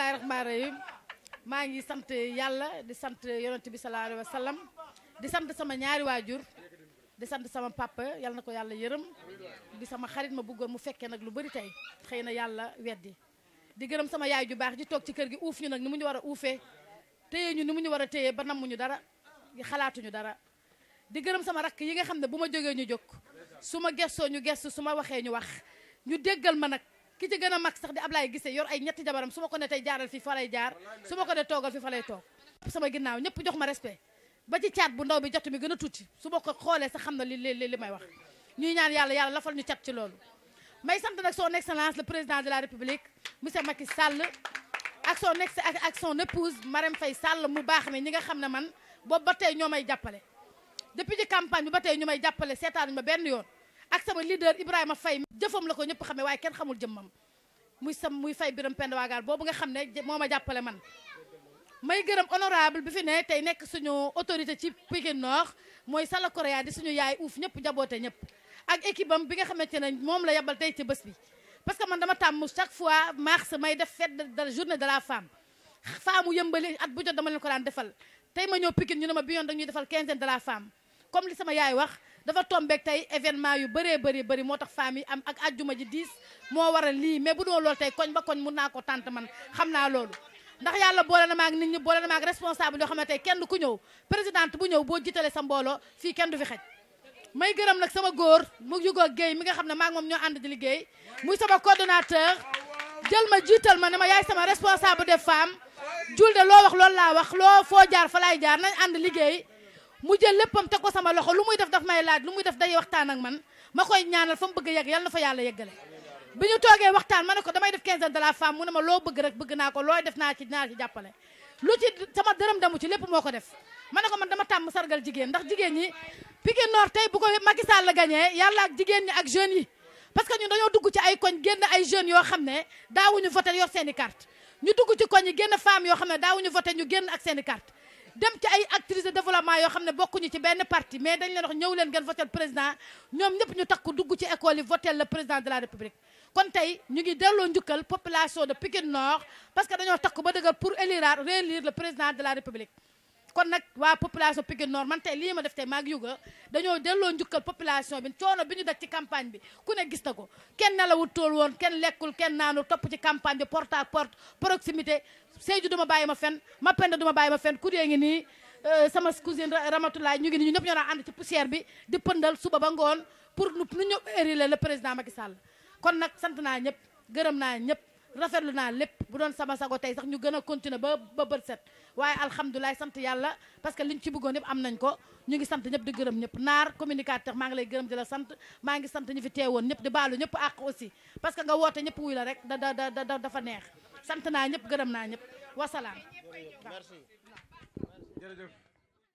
bisimilahi rahmaani rahim maa ngi sant yàlla di sant yonent bi sallallahu alayhi wa di sant sama ñaari waajur di sant sama papa yàlla na ko yàlla yërëm di sama xarit ma bu bëggoon mu fekkee nag lu bari tey xëy na yàlla weddi di gërëm sama yaay ju baax ji toog ci kër gi uuf ñu nag ni mu ñu war a uufee téye ñu ni mu ñu war a téye ba nammuñu dara xalaatuñu dara di gërëm sama rakk yi nga xam ne bu ma jógee ñu jóg su ma gestoo ñu gestu su ma waxee ñu wax ñu déggal ma nag ki ci gën a mag sax di Ablaye Gise yor ay ñetti jabaram su ma ko ne tey jaaral fi fa lay jaar su ma ko ne toogal fi fa lay toog sama ginnaaw ñëpp jox ma respect ba ci caat bu ndaw bi jot mi gën a tuuti su ma ko xoolee sax xam na li li li may wax ñuy ñaan yàlla yàlla lafal ñu cat ci loolu may sant nag soo excellence le président de la république monsieur Macky Sall ak son ex ak soo son épouse Marème fay sàll mu baax mi ñi nga xam ne man boobu ba tey ñoo may jàppale depuis ci campagne ba tey ñu may jàppale seetaanuñ ma benn yoon ak sama leader Ibrahima Faye jëfam la ko ñëpp xamee waaye kenn xamul jëmmam muy sam muy fay biram pend waagaal boobu nga xam ne moo ma jàppale man may gërëm honorable bi fi ne tey nekk suñu autorité ci Pikine Nord mooy Sala Korea di suñu yaay uuf ñëpp njaboote ñëpp ak équipe bi nga xamante ne moom la yabal tey ci bés bi parce que man dama tàmm chaque fois mars may def fête de journée de la femme femme yëmbali at bu jot dama leen ko daan defal tey ma ñëw Pikine ñu ne ma bi yoon dañuy defal quinzaine de la femme comme li sama yaay wax dafa tombeek tey événement yu bëree bëree bëri moo tax famille am ak ajjuma ji diis moo waral lii mais bu doon loolu tey koñ ba koñ mun naa ko tant man xam naa loolu ndax yàlla boole na maag nit ñi boole na maag responsable yoo xamante ne kenn ku ñëw présidente bu ñëw boo jiitalee sa mbooloo fii kenn du fi xej may gërëm nag sama góor mu yugoo géey mi nga xam ne maag moom ñoo ànd di liggéey muy sama coordonnateur jël ma jiital ma ne ma yaay sama responsable des femmes julde loo wax loolu laa wax loo foo jaar fa laay jaar nañ ànd liggéey mu jël léppam te ko sama loxo lu muy def daf may laaj lu muy def day waxtaan ak man ma koy ñaanal fa mu bëgg a yegg yal na fa yàlla yeggale bi ñu toogee waxtaan ma ne ko damay def quinzaine de la femme mu ne ma loo bëgg rek bëgg naa ko looy def naa ci naa ci jàppale lu ci sama dërëm demu ci lépp moo ko def ma ne ko man dama tàmm sargal jigéen ndax jigéen ñi Pikine Nord tey bu ko Macky Sall la gagné yàlla ak jigéen ñi ak jeunes yi parce que ñun dañoo dugg ci ay koñ génn ay jeunes yoo xam ne daawuñu voté yor seen i carte ñu dugg ci koñ yi génn yoo xam ne daawuñu voté ñu génn ak seen i carte dem ci ay actrices de développement yoo xam ne bokkuñu ci benn parti mais dañ leen wax ñëw leen ngeen votel président ñoom ñëpp ñu takku dugg ci école yi votel le président de la république kon tey ñu ngi delloo njukkal population de Pikine Nord parce que dañoo takku ba dëgër pour élire réélire le président de la république kon nag waa population Pikine Nord man lii ma def tey maa ngi yuga dañoo delloo njukkal population bi coono bi ñu daj ci campagne bi ku ne gis na ko kenn nelawul tool woon kenn lekkul kenn naanul topp ci campagne bi port à porte proximité Seydou duma bàyyi ma fen ma penda duma bàyyi ma fen ku dee ngi nii euh, sama cousine Ramatoulaye ñu ngi nii ñu ñëpp ñoo naa ànd ci poussière bi di pëndal suba ba ngoon pour nu ñu érila la président Macky Sall kon nag sant naa ñëpp gërëm naa ñëpp rafetlu naa lépp bu doon sama sago tey sax ñu gën a continuer ba ba bët set waaye alhamdulilah sant yàlla parce que liñ ci bëggoon yëpp am nañ ko ñu ngi sant ñëpp di gërëm ñëpp naar communicateur maa ngi lay gërëm di la sant maa ngi sant ñu fi teewoon ñëpp di baalu ñëpp àq aussi parce que nga woote ñëpp wuy la rek da da da dafa neex sant naa ñëpp gërëm naa ñëpp wasalaam. jërëjëf.